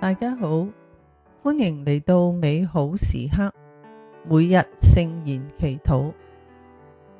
大家好，歡迎嚟到美好時刻，每日聖言祈禱。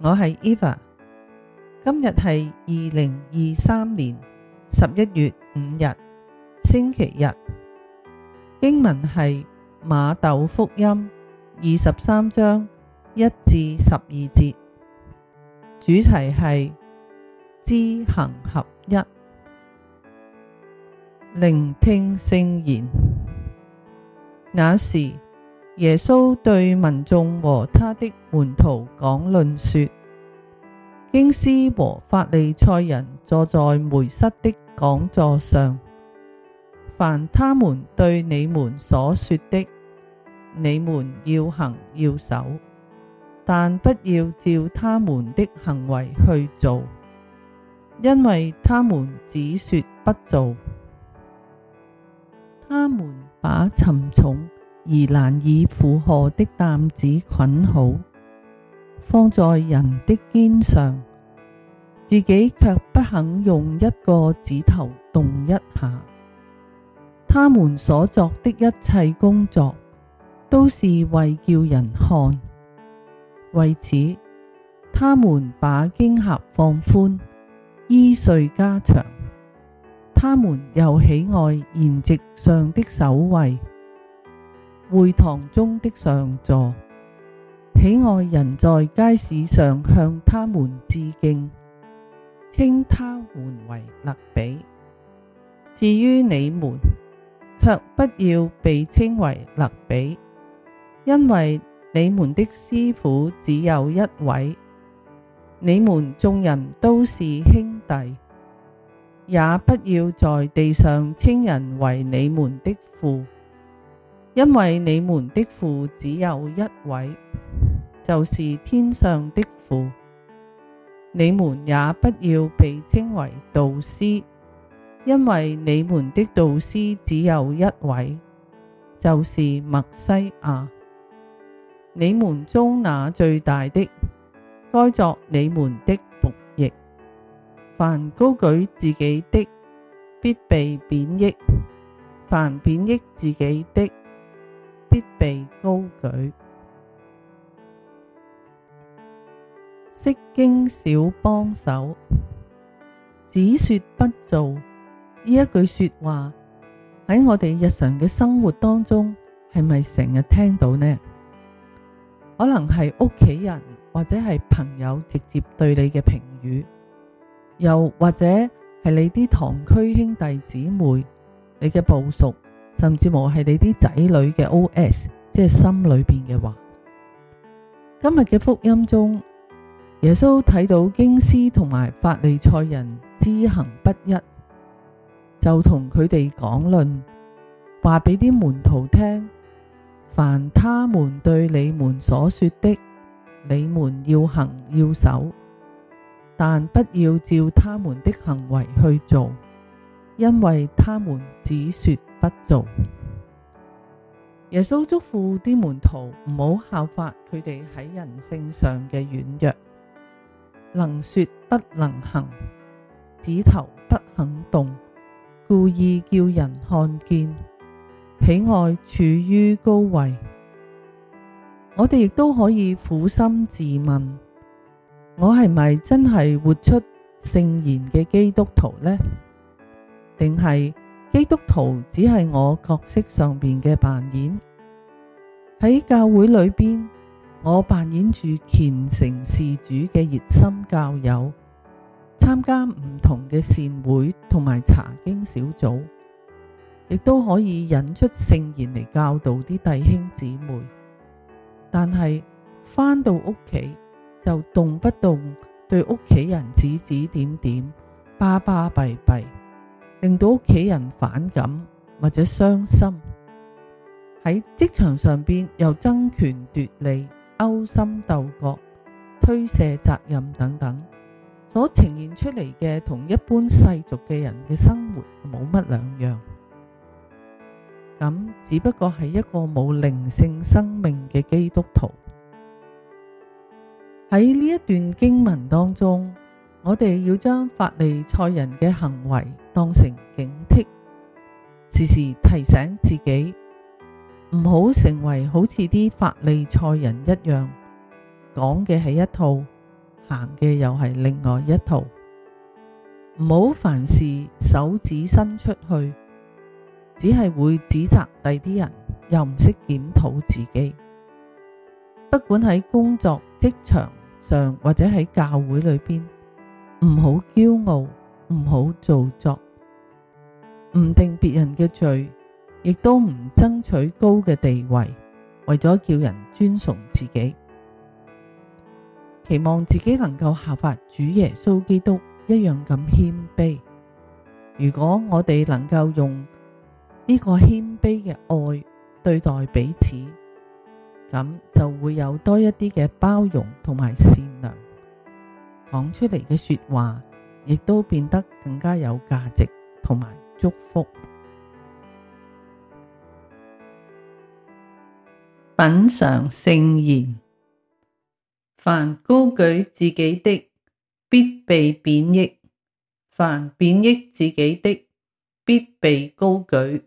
我係 Eva，今日係二零二三年十一月五日，星期日。經文係馬竇福音二十三章一至十二節，主題係知行合一。聆聽聖言。那時，耶穌對民眾和他的門徒講論說：經師和法利賽人坐在梅瑟的講座上，凡他們對你們所說的，你們要行要守，但不要照他們的行為去做，因為他們只說不做。他們把沉重而難以負荷的擔子捆好，放在人的肩上，自己却不肯用一個指頭動一下。他們所作的一切工作，都是為叫人看。為此，他們把經匣放寬，衣繸加長。他們又喜愛筵席上的首位，會堂中的上座，喜愛人在街市上向他們致敬，稱他們為辣彼。至於你們，卻不要被稱為辣彼，因為你們的師傅只有一位，你們眾人都是兄弟。也不要在地上稱人為你們的父，因為你們的父只有一位，就是天上的父。你們也不要被稱為導師，因為你們的導師只有一位，就是默西亞。你們中那最大的，該作你們的凡高舉自己的，必被貶抑；凡貶抑自己的，必被高舉。釋經小幫手，只說不做，呢一句說話喺我哋日常嘅生活當中，係咪成日聽到呢？可能係屋企人或者係朋友直接對你嘅評語。又或者係你啲堂區兄弟姊妹、你嘅部屬，甚至乎係你啲仔女嘅 OS，即係心裏邊嘅話。今日嘅福音中，耶穌睇到經師同埋法利賽人知行不一，就同佢哋講論，話俾啲門徒聽：凡他們對你們所說的，你們要行要守。但不要照他們的行為去做，因為他們只說不做。耶穌囑咐啲門徒唔好效法佢哋喺人性上嘅軟弱，能說不能行，指頭不肯動，故意叫人看見，喜愛處於高位。我哋亦都可以捫心自問。我係咪真係活出聖言嘅基督徒呢？定係基督徒只係我角色上邊嘅扮演？喺教會裏邊，我扮演住虔誠事主嘅熱心教友，參加唔同嘅善會同埋查經小組，亦都可以引出聖言嚟教導啲弟兄姊妹。但係返到屋企。就動不動對屋企人指指點點、巴巴閉閉，令到屋企人反感或者傷心。喺職場上邊又爭權奪利、勾心鬥角、推卸責任等等，所呈現出嚟嘅同一般世俗嘅人嘅生活冇乜兩樣。咁只不過係一個冇靈性生命嘅基督徒。喺呢一段經文當中，我哋要將法利賽人嘅行為當成警惕，時時提醒自己，唔好成為好似啲法利賽人一樣，講嘅係一套，行嘅又係另外一套。唔好凡事手指伸出去，只係會指責第啲人，又唔識檢討自己。不管喺工作職場上或者喺教會裏邊，唔好驕傲，唔好做作，唔定別人嘅罪，亦都唔爭取高嘅地位，為咗叫人尊崇自己，期望自己能夠效法主耶穌基督一樣咁謙卑。如果我哋能夠用呢個謙卑嘅愛對待彼此，咁就會有多一啲嘅包容同埋善良，講出嚟嘅說話亦都變得更加有價值同埋祝福。品嘗聖言，凡高舉自己的，必被貶抑；凡貶抑自己的，必被高舉。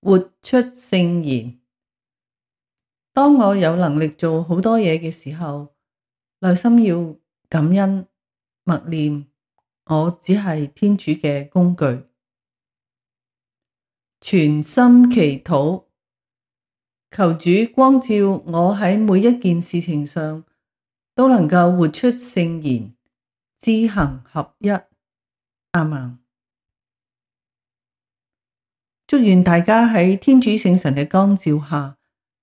活出聖言。當我有能力做好多嘢嘅時候，內心要感恩默念，我只係天主嘅工具，全心祈禱，求主光照我喺每一件事情上都能夠活出聖言，知行合一。阿門。祝願大家喺天主聖神嘅光照下。